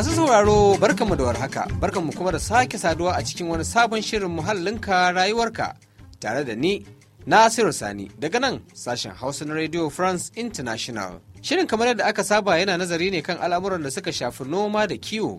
Masu sauraro barkanmu da warhaka, barkanmu kuma da sake saduwa a cikin wani sabon shirin muhallinka rayuwarka tare da ni Nasiru Sani daga nan sashen Hausa na Radio France International. Shirin kamar yadda aka saba yana nazari ne kan al'amuran da suka shafi noma da kiwo,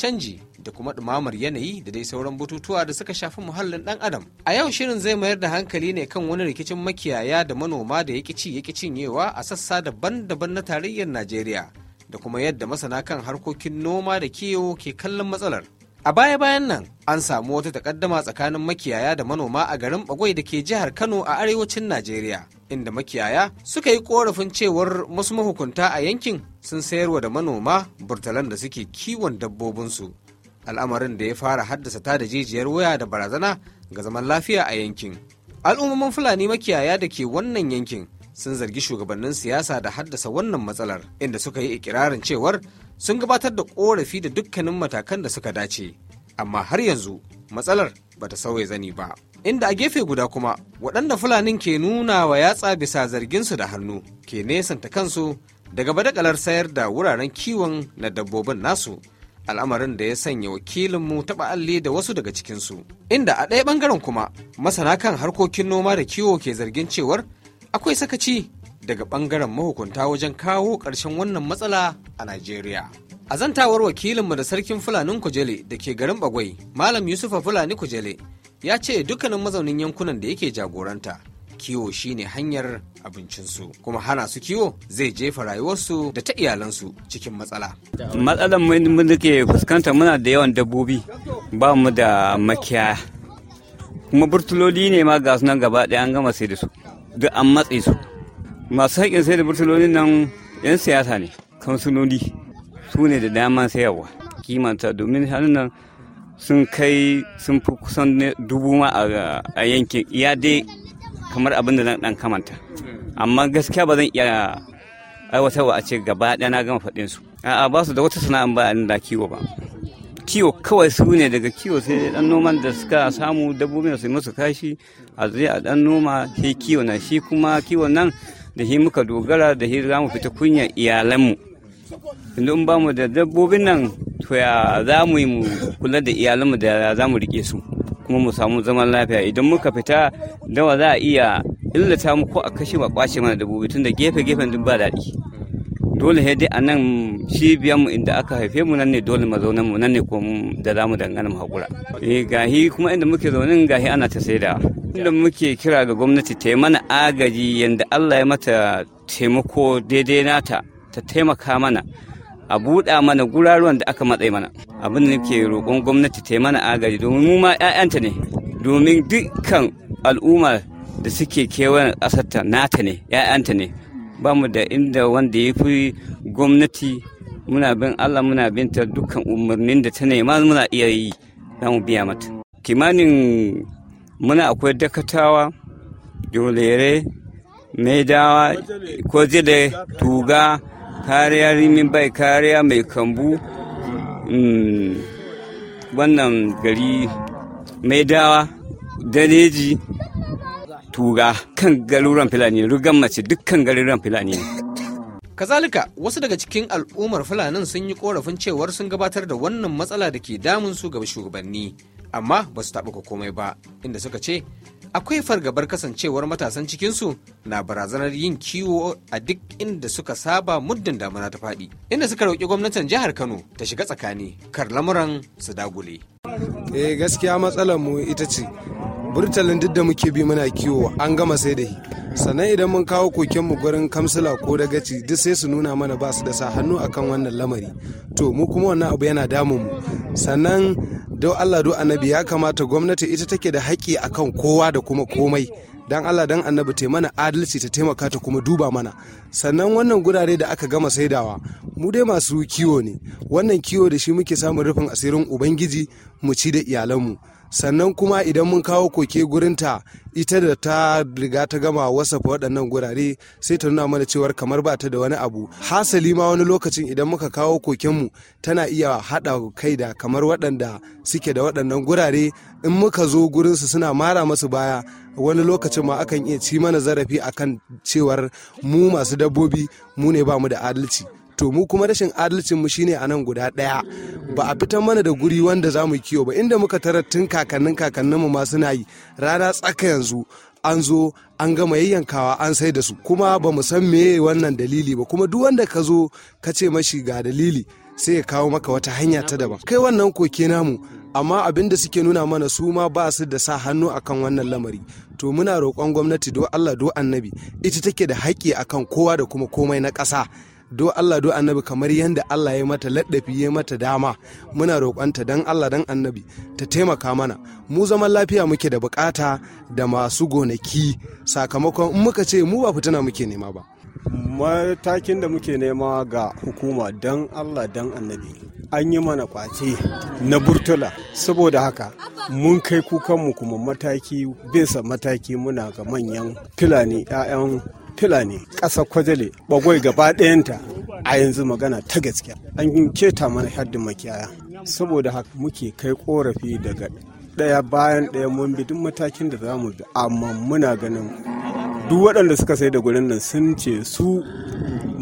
canji da kuma ɗumamar yanayi da dai sauran bututuwa da suka shafi muhallin ɗan adam. A yau shirin zai mayar da hankali ne kan wani rikicin makiyaya da manoma da yaki ci yaki cinyewa a sassa daban-daban na tarayyar Najeriya. da kuma yadda masana kan harkokin noma da kiwo ke kallon matsalar. A baya-bayan nan an samu wata takaddama tsakanin makiyaya da manoma a garin Bagwai da ke jihar Kano a arewacin Najeriya, inda makiyaya suka yi korafin cewar masu mahukunta a yankin sun sayarwa da manoma burtalan da suke kiwon dabbobinsu. Al'amarin da ya fara haddasa ta da jijiyar waya da barazana ga zaman lafiya a yankin. Al'ummomin Fulani makiyaya da ke wannan yankin sun zargi shugabannin siyasa da haddasa wannan matsalar inda suka yi ikirarin cewar sun gabatar da korafi da dukkanin matakan da suka dace amma har yanzu matsalar bata sauya zani ba inda a gefe guda kuma waɗanda fulanin ke nuna wa yatsa bisa zarginsu da hannu ke nesanta kansu daga badakalar sayar da wuraren kiwon na dabbobin nasu al'amarin da ya sanya wakilinmu taɓa alli da wasu daga cikinsu inda a ɗaya ɓangaren kuma masana kan harkokin noma da kiwo ke zargin cewar akwai sakaci daga ɓangaren mahukunta wajen kawo ƙarshen wannan matsala a Najeriya. A zantawar wakilinmu da sarkin Fulanin Kujele da ke garin Bagwai, Malam Yusufa Fulani Kujele, ya ce dukkanin mazaunin yankunan da yake jagoranta kiwo shine hanyar abincinsu kuma hana su kiwo zai jefa rayuwarsu da ta iyalansu cikin matsala. Matsalar mu da ke fuskanta muna da yawan dabbobi ba mu da makiyaya kuma burtuloli ne ma ga nan gaba ɗaya an gama sai da su Da an matse su masu haƙƙin sai da burtulonin nan 'yan siyasa ne kansunoni su ne da daman sayarwa kimanta domin hannun nan sun kai sun fi kusan dubu ma a yankin ya dai kamar abin da dan kamanta amma gaskiya ba zan iya aiwatarwa a ce gaba ɗaya na gama faɗinsu a'a ba su da wata sana'an ba a da kiwo ba kiwo kawai su ne daga kiwo sai dan noman da suka samu dabbobin su musu kashi a zai a dan noma shi kiwo na shi kuma kiwon nan da shi muka dogara da shi za mu fita kunya iyalanmu inda in ba mu da dabbobin nan to ya za mu yi mu kula da iyalanmu da za mu rike su kuma mu samu zaman lafiya idan muka fita dawa za a iya illata mu ko a kashe ba kwace mana dabbobi tun da gefe-gefen duk ba daɗi. dole dai a nan mu inda aka haife mu nan ne dole zaune mu nan ne ko da za mu dangana mu haƙura eh, gahi kuma inda muke zaune gahi ana ta saida inda muke kira ga gwamnati ta mana agaji yadda Allah ya mata taimako daidai nata ta taimaka mana a buɗa mana guraruwan da aka matsayi mana abin da nake roƙon gwamnati ta mana agaji domin mu ma 'ya'yanta ne domin dukkan al'umma da suke kewayen ƙasarta nata ne 'ya'yanta ne ba mu da inda wanda ya fi gwamnati muna bin allah muna ta dukkan umarnin da ta nema muna iya yi za mu biya mata kimanin muna akwai dakatawa jolere maidawa kwaje da tuga kariya rimin bai kariya mai kambu mm, wannan gari maidawa daneji tura kan garuran fulani rugan mace dukkan garuruwan fulani ne kazalika wasu daga cikin al'ummar fulanin sun yi korafin cewar sun gabatar da wannan matsala da ke damun su gaba shugabanni amma ba su taɓuka komai ba inda suka ce akwai fargabar kasancewar matasan cikinsu na barazanar yin kiwo a duk inda suka saba muddin damuna ta faɗi inda suka roƙi gwamnatin jihar kano ta shiga tsakani kar lamuran su dagule eh gaskiya matsalar mu ita ce burtalin duk da muke bi muna kiwo an gama sai da sannan idan mun kawo koken mu gurin kamsila ko dagaci duk sai su nuna mana ba su da sa hannu akan wannan lamari to mu kuma wannan abu yana damun mu sannan don Allah do annabi ya kamata gwamnati ita take da haƙƙi akan kowa da kuma komai dan Allah dan annabi ta mana adalci ta taimaka ta kuma duba mana sannan wannan gurare da aka gama saidawa mu dai masu kiwo ne wannan kiwo da shi muke samun rufin asirin ubangiji mu ci da iyalanmu sannan kuma idan mun kawo koke gurinta ita da ta riga ta gama wasafa waɗannan gurare sai ta nuna mana cewar kamar ba ta da wani abu hasali ma wani lokacin idan muka kawo kokenmu tana iya haɗa kai da kamar waɗanda suke da waɗannan gurare in muka zo gurinsu suna mara masu baya wani lokacin ma akan iya ci mana zarafi akan cewar mu masu dabbobi mu ne ba mu da adalci to mu kuma rashin adalcin mu shine a nan guda ɗaya ba a fitar mana da guri wanda za mu kiwo ba inda muka tarar tun kakannin kakannin mu ma suna yi rana tsaka yanzu an zo an gama yayyankawa an sai da su kuma ba mu san me wannan dalili ba kuma duk wanda ka zo ka ce mashi ga dalili sai ya kawo maka wata hanya ta daban kai wannan koke namu amma abin da suke nuna mana su ma ba su da sa hannu akan wannan lamari to muna roƙon gwamnati do Allah do annabi ita take da haƙƙi akan kowa da kuma komai na ƙasa do Allah do annabi kamar yadda Allah ya mata laddafi ya mata dama muna roƙonta don Allah dan annabi ta taimaka mana mu zaman lafiya muke da bukata da masu gonaki sakamakon in muka ce mu ba fitina muke nema ba matakin da muke nema ga hukuma don Allah dan annabi an yi mana kwace na burtula saboda haka mun kai kukanmu kuma mataki bisa mataki muna ga manyan fulani 'ya'yan fulani ƙasar kwajale bagwai gaba ɗayanta a yanzu magana ta gaskiya an keta mana haddin makiyaya saboda haka muke kai korafi daga ɗaya bayan ɗaya mun bi duk matakin da za mu bi amma muna ganin duk waɗanda suka sai da gurin nan sun ce su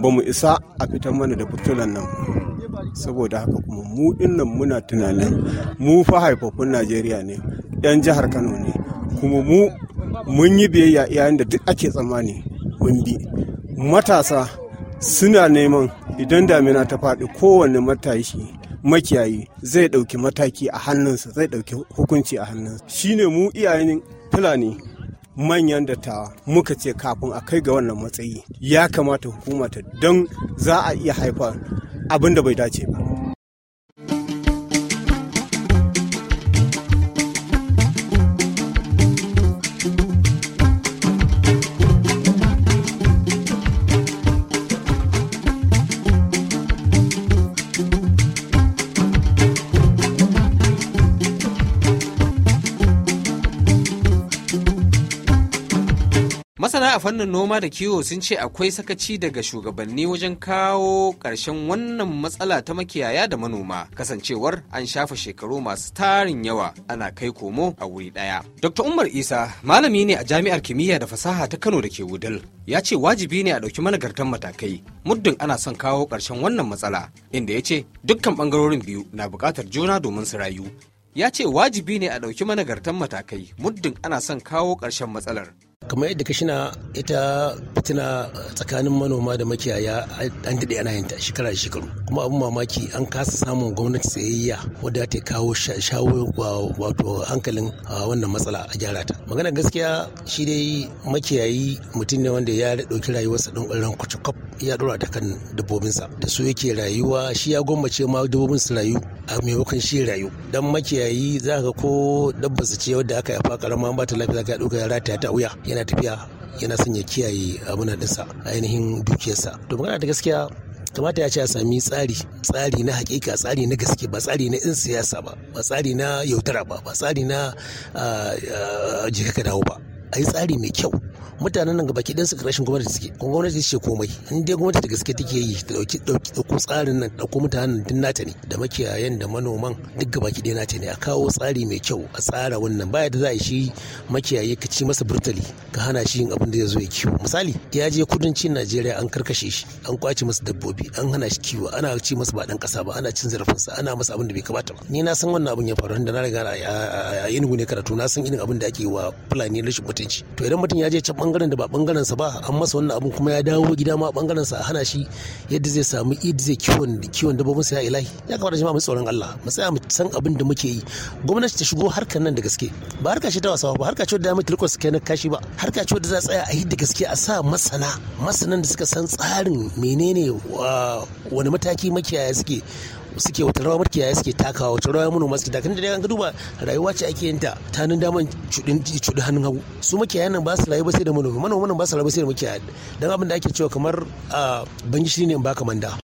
ba mu isa a fitar mana da fitulan nan saboda haka kuma mu nan muna tunanin mu fa haifafun najeriya ne 'yan jihar kano ne kuma mu mun yi biyayya yayin da duk ake tsammani Gombe. Matasa suna neman idan damina ta faɗi kowane matashi makiyayi zai ɗauki mataki a hannunsa zai ɗauki hukunci a hannunsa shine mu iyayen fulani manyan dattawa muka ce kafin a kai ga wannan matsayi ya kamata hukumata don za a iya haifar abin da bai dace ba a fannin noma da kiwo sun ce akwai sakaci daga shugabanni wajen kawo ƙarshen wannan matsala ta makiyaya da manoma kasancewar an shafa shekaru masu tarin yawa ana kai komo a wuri ɗaya. Dr. Umar Isa malami ne a jami'ar kimiyya da fasaha ta Kano da ke Wudil ya ce wajibi ne a ɗauki managartan matakai muddin ana son kawo karshen wannan matsala inda ya ce dukkan bangarorin biyu na bukatar juna domin su rayu. Ya ce wajibi ne a ɗauki managartan matakai muddin ana son kawo ƙarshen matsalar. kamar yadda ka shina ita fitina tsakanin manoma da makiyaya an daɗe ana yin ta shekara da shekaru kuma abin mamaki an kasa samun gwamnati tsayayya wadda ta kawo shawo wato hankalin wannan matsala a gyara ta magana gaskiya shi dai makiyayi mutum ne wanda ya ɗauki rayuwarsa don ɓarin kwacakwaf ya ɗora ta kan dabbobinsa da su yake rayuwa shi ya gwammace ma dabbobin su rayu a maimakon shi rayu dan makiyayi za ka ko su ce wadda aka yafa karama ba ta lafiya ka ɗauka yara ta ta wuya yana tafiya yana son ya kiyaye abin ɗinsa ainihin dukiyarsa to magana ta gaskiya kamata ya ce a sami tsari tsari na hakika tsari na gaske ba tsari na in siyasa ba ba tsari na yautara ba ba tsari na ah, ah, jikaka dawo ba a yi tsari mai kyau mutanen nan gabaki ɗansu rashin gwamnati suke kuma gwamnati ce komai in dai gwamnati da gaske take yi ta ɗauki ɗauki tsarin nan ɗauko mutanen din nata ne da makiyayan da manoman duk gabaki ɗaya nata ne a kawo tsari mai kyau a tsara wannan baya da za a shi makiyaye ka ci masa burtali ka hana shi yin abin da ya zo ya kiwo misali ya je kudancin najeriya an karkashe shi an kwace masa dabbobi an hana shi kiwo ana ci masa ba ɗan kasa ba ana cin zarafinsa ana masa abin da bai kamata ba ni na san wannan abin ya faru inda na riga a inugu ne karatu na san irin abin da ake wa fulani rashin mutunci to idan mutum ya je can bangaren da ba bangaren sa ba an masa wannan abun kuma ya dawo gida ma bangaren sa a hana shi yadda zai samu id zai kiwon kiwon da sa ya ilahi ya kamata jama'a mu tsoron Allah mu tsaya mu san abin da muke yi gwamnati ta shigo harkar nan da gaske ba harka ce ta wasa ba harka ce da mu tilkos kai na kashi ba harka ce da za tsaya a yi da gaske a sa masana masanan da suka san tsarin menene wani mataki makiyaya suke suke wata rawa yaya suke takawa wata rawa manoma suke takawa da an duba rayuwa ce ake yinta ta nan daman cudin cudin hannun hagu su makiyaya nan ba su rayu ba sai da manoma manoma nan ba su rayu ba sai da makiyaya dan abin da ake cewa kamar bangi gishiri ne in baka manda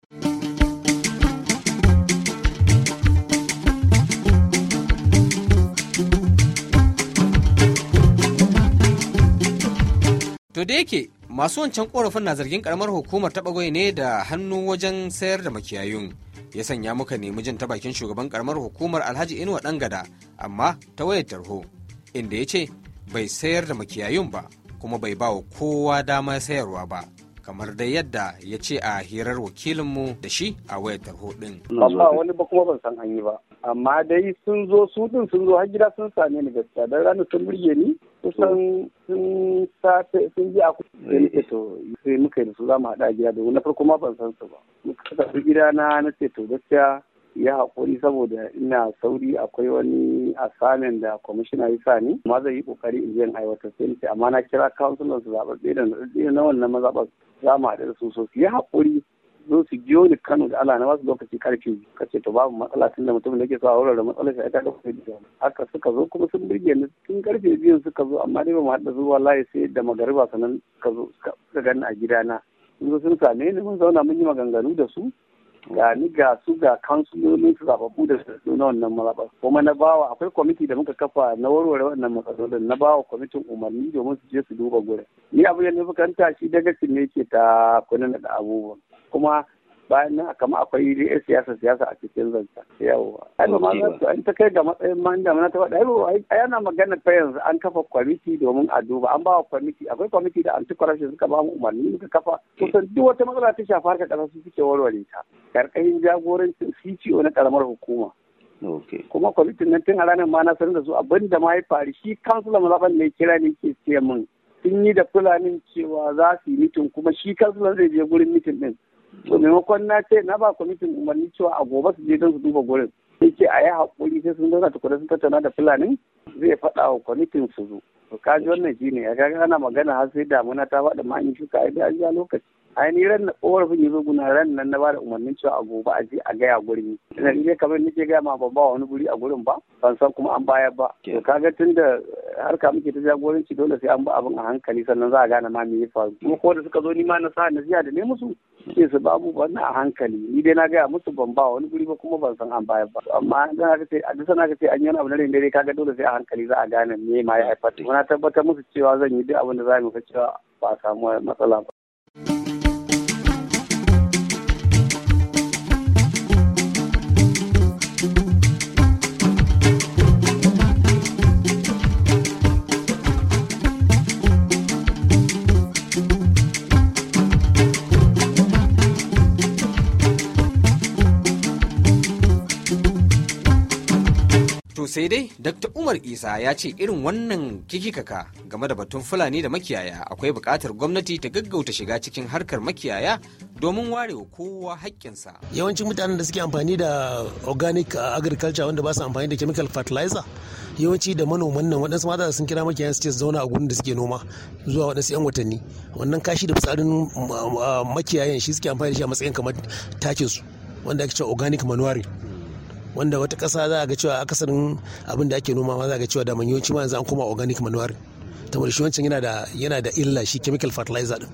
To da yake masu wancan korafin na zargin karamar hukumar taɓagoyi ne da hannu wajen sayar da makiyayun. ya sanya muka nemi jin ta bakin shugaban karamar hukumar alhaji inuwa dan gada amma ta wayar tarho inda ya ce bai sayar da makiyayun ba kuma bai ba wa kowa dama sayarwa ba kamar dai yadda ya ce a hirar wakilinmu da shi a wayar tarho din. Ba wani ba kuma ban san an yi ba. Amma dai sun zo su din sun zo har gida sun same ni gaskiya dan ranar sun burge ni kusan sun safe sun ji a kusa to sai muka yi da su za mu haɗa gida da wani farko ma ban san su ba. Muka gida na na ce to gaskiya yi haƙuri saboda ina sauri akwai wani asamin da kwamishina ya sa ni amma zai yi kokari in je in aiwatar sai amma na kira kansulan su zaɓaɓɓe da na wannan mazaɓar za mu haɗu da su sosai yi haƙuri zo su biyo ni Kano da Allah na wasu lokaci karfi ka ce to babu matsala tun da mutum da ke so a wurin da matsalar shi ta dauka da haka suka zo kuma sun burge ni tun karfe biyun suka zo amma dai ba mu haɗa su wallahi sai da magariba sanan ka zo suka gani a gidana sun zo sun same ni mun zauna mun yi maganganu da su ga ni ga su ga kansulolin su zababbu da su na wannan mazaɓar kuma na bawa akwai kwamiti da muka kafa na warware wannan matsalolin na bawa kwamitin umarni domin su je su duba gurin ni abu yadda fuskanta shi daga ne ke ta kunan da abubuwan kuma bayan nan kama akwai yan siyasa siyasa a cikin zanta yawa ai ba ma an ta kai ga matsayin man da na taba ai yana magana ta yanzu an kafa kwamiti domin a duba an bawa kwamiti akwai kwamiti da anti corruption suka ba mu umarni muka kafa eh. kusan duk wata matsala ta shafa harkar ƙasa su suke warware ta karkashin jagorancin CTO na karamar hukuma. Kuma kwamitin nan tun a ranar ma na sanar da su abin da ma ya faru shi kansula mazaban ne kira ne ke ce min sun yi da fulanin cewa za su yi mitin kuma shi kansula zai je gurin mitin din. To maimakon na ce na ba kwamitin umarni cewa a gobe su je don su duba gurin. Yake a yi haƙuri sai sun zauna tukuna sun tattauna da fulanin zai faɗa wa kwamitin su zo. To kaji wannan shi ne a kaga ana magana har sai damuna ta faɗa ma in shuka a lokaci. ai ni ran kowar ya yanzu guna ran nan na bada umarnin cewa a gobe a je a gaya gurin na ne kamar nake gaya ma ban ba wani guri a gurin ba ban san kuma an bayar ba to kaga tunda harka muke ta jagoranci dole sai an ba abin a hankali sannan za a gane ma me ya faru kuma ko da suka zo ni ma na sa na nasiha da ne musu sai su babu ban a hankali ni dai na gaya musu ban ba wani guri ba kuma ban san an bayar ba amma dan haka sai a duk sana ka ce an yi wani abu na dai kaga dole sai a hankali za a gane me ma ya haifar na tabbatar musu cewa zan yi duk abin da za mu fa cewa ba a samu matsala ba sai dai dr umar isa ya ce irin wannan kikikaka game da batun fulani da makiyaya akwai bukatar gwamnati ta gaggauta shiga cikin harkar makiyaya domin ware wa kowa haƙƙinsa yawancin mutanen da suke amfani da organic uh, agriculture wanda ba su amfani da chemical fertilizer yawanci da manoman nan waɗansu mata sun kira makiyaya su ce zauna a gurin da suke noma zuwa waɗansu 'yan watanni wannan kashi da fitsarin uh, uh, makiyayan shi suke amfani da shi a matsayin kamar takinsu wanda ake cewa organic manuari wanda wata kasa za a ga cewa akasarin abin da ake noma ma za a ga cewa da manyoci ma yanzu an koma organic manure ta shi wancan yana da yana da illa shi chemical fertilizer din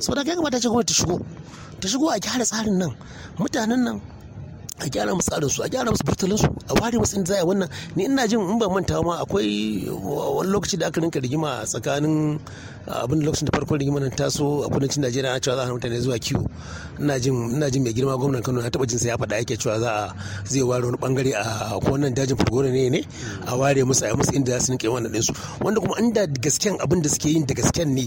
saboda kai ta ce gwamnati ta shigo ta shigo a gyara tsarin nan mutanen nan a gyara musu tsarin su a gyara musu burtalin su a ware musu inda za a wannan ni ina jin in ban manta ma akwai wani lokaci da aka rinka rigima tsakanin abin lokacin da farkon rigima nan taso a kudancin Najeriya na cewa za a mutane zuwa kiwo ina jin ina jin mai girma gwamnan Kano na taba jin sa ya faɗa yake cewa za a zai ware wani bangare a ko wannan dajin Furgore ne ne a ware musu a musu inda za su rinka wannan din su wanda kuma inda gasken abin da suke yin da gasken ne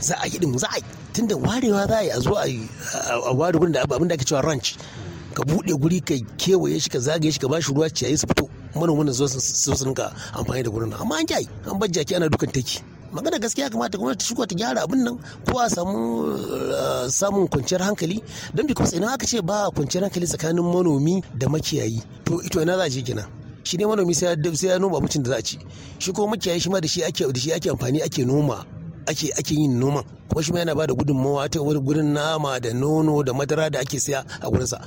za a yi din za a yi tunda warewa za a yi a zo a ware gurin da abin da ake cewa ranch ka buɗe guri ka kewaye shi ka zagaye shi ka bashi ruwa ciyayi su fito manoman nan su sun ka amfani da gurin nan amma an kyai an bar jaki ana dukan taki magana gaskiya kamata gwamnati ta shigo ta gyara abin nan ko a samu eh, samun kwanciyar hankali don because idan aka ce ba kwanciyar hankali tsakanin manomi da makiyayi to ito ina za a je gina shi ne manomi sai ya noma abincin da za a ci shi ko makiyayi shi ma da shi ake da shi ake amfani ake noma ake ake yin noman kuma shi ma yana ba da gudunmawa ta wurin nama da nono da madara da ake siya a gurinsa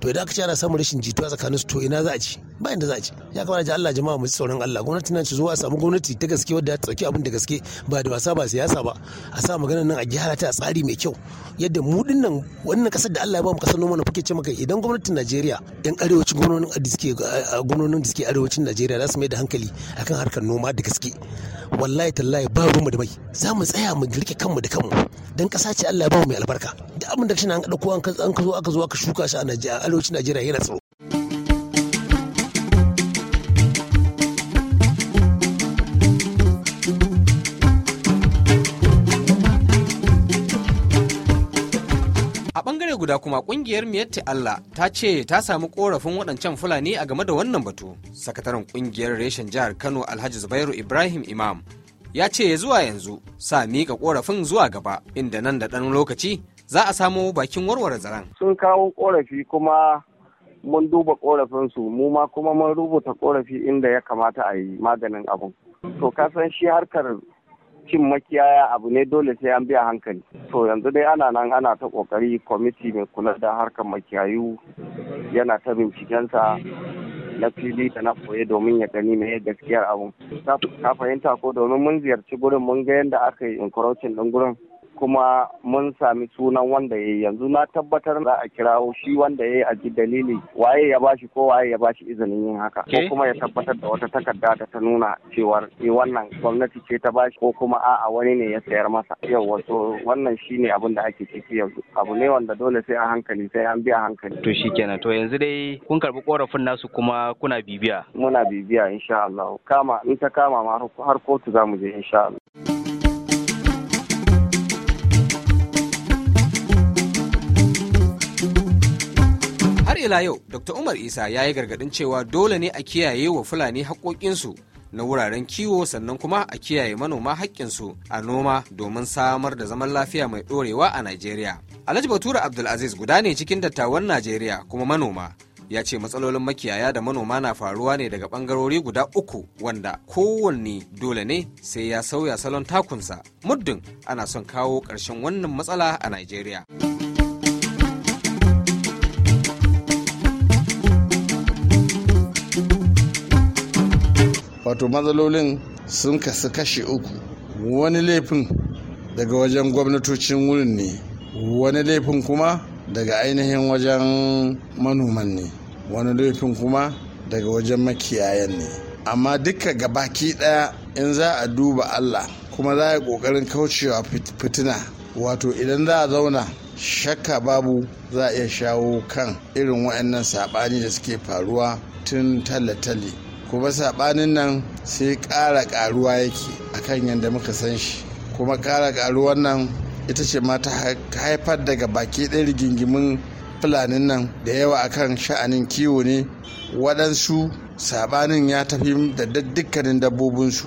to idan aka ce ana samun rashin jituwa tsakanin su to ina za a ci ba inda za a ci ya kamata ji Allah jama'a mu ji tsoron Allah gwamnati nan ci zo a samu gwamnati ta gaske wadda ta tsaki abin da gaske ba da wasa ba siyasa ba a sa maganar nan a gyara ta a tsari mai kyau yadda mu din nan wannan kasar da Allah ya ba mu kasar noma na fuke ce maka idan gwamnatin Najeriya yan arewacin gwamnonin da suke gwamnonin da suke arewacin Najeriya za su mai da hankali akan harkar noma da gaske wallahi tallahi ba mu da mai za mu tsaya mu rike kanmu da kanmu dan kasa ce Allah ya ba mu mai albarka da abin da shi an dauko an ka zo aka zo aka shuka shi a arewacin Najeriya yana tsaro guda kuma kungiyar miyatti Allah ta ce ta samu korafin waɗancan Fulani a game da wannan batu. Sakataren kungiyar reshen jihar Kano Alhaji Zubairu Ibrahim Imam ya ce zuwa yanzu sa miƙa korafin zuwa gaba inda nan da ɗan lokaci za a samo bakin warware zaren. Sun kawo korafi kuma mun duba korafinsu mu ma kuma mun rubuta korafi inda ya kamata a yi maganin abun. To kasan shi harkar cin makiyaya abu ne dole sai an biya hankali to yanzu dai ana nan ana ta kokari kwamiti mai kula da harkar makiyayu yana ta bincikensa na fili da na koye domin ya gani mai gaskiyar abu ka fahimta ko domin mun ziyarci gurin mun ga yadda aka yi encroaching din gurin kuma mun sami sunan wanda ya yanzu na tabbatar za a kirawo shi wanda ya yi a ji dalili waye ya bashi ko waye ya bashi izinin yin haka ko kuma ya tabbatar da wata takarda da ta nuna cewar eh, wannan gwamnati ce ta bashi ko kuma a'a wani ne ya sayar masa yau wato wannan shine abin da ake ciki yanzu abu ne wanda dole sai a hankali sai an biya hankali to shikenan to yanzu dai kun karbi korafin nasu kuma kuna bibiya muna bibiya insha Allah kama in ta kama ma har kotu za mu je insha Allah ila yau dr umar isa ya yi gargadin cewa dole ne a kiyaye wa fulani haƙoƙinsu na wuraren kiwo sannan kuma a kiyaye manoma haƙƙinsu a noma domin samar da zaman lafiya mai ɗorewa a najeriya alhaji batura abdulaziz guda ne cikin dattawan najeriya kuma manoma ya ce matsalolin makiyaya da manoma na faruwa ne daga bangarori guda uku wanda kowanne dole ne sai ya sauya salon takunsa muddin ana son kawo ƙarshen wannan matsala a Najeriya. wato matsalolin sun kasu kashi uku wani laifin daga wajen gwamnatocin wurin ne wani laifin kuma daga ainihin wajen manoman ne wani laifin kuma daga wajen makiyayan ne amma duka gabaki daya in za a duba allah kuma za a yi kokarin kaucewa fitina wato idan za a zauna shakka babu za a iya shawo kan irin waɗannan saɓani da suke faruwa tun talle-talle kuma sabanin nan sai ƙara ƙaruwa yake kan yadda muka san shi kuma ƙara ƙaruwan nan ita ce ma ta haifar daga baki ɗaya rigingimin fulanin nan da yawa akan sha'anin kiwo ne waɗansu sabanin ya tafi da dukkanin dabbobinsu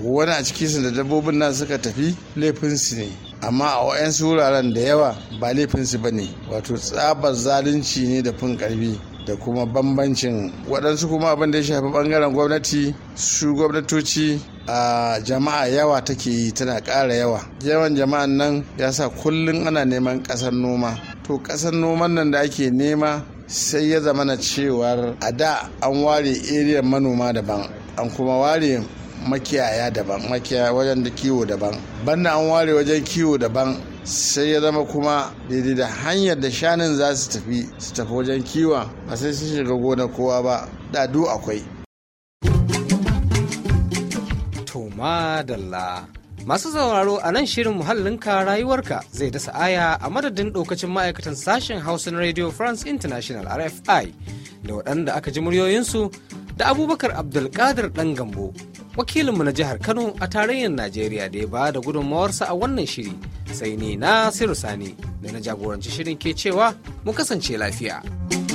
wani a cikinsu da dabbobin nan suka tafi laifinsu ne amma a wa'yansu wuraren da yawa ba laifinsu ba ne wato tsabar zalunci ne da fin ƙarfi da kuma bambancin waɗansu kuma abin da ya shafi ɓangaren gwamnati su gwamnatoci a jama'a yawa take yi tana ƙara yawa yawan jama'an nan ya sa kullum ana neman ƙasar noma to ƙasar noman nan da ake nema sai ya zamana cewar a da an ware eriyan manoma daban an kuma ware makiyaya daban makiyaya wajen da kiwo daban banda an ware wajen kiwo daban sai ya zama kuma daidai da hanyar da shanin za su tafi su tafi wajen kiwon ba sai sun shiga gona kowa ba dadu akwai to madalla masu sauraro a nan shirin muhallinka rayuwarka zai dasa aya a madadin ɗaukacin ma'aikatan sashen hausin radio france international rfi da waɗanda aka ji muryoyinsu da abubakar abdulkadir ɗan gambo wakilinmu na jihar kano a tarayyar najeriya da ya ba da gudunmawarsa a wannan shiri sai ne na sani da na jagoranci shirin ke cewa mu kasance lafiya.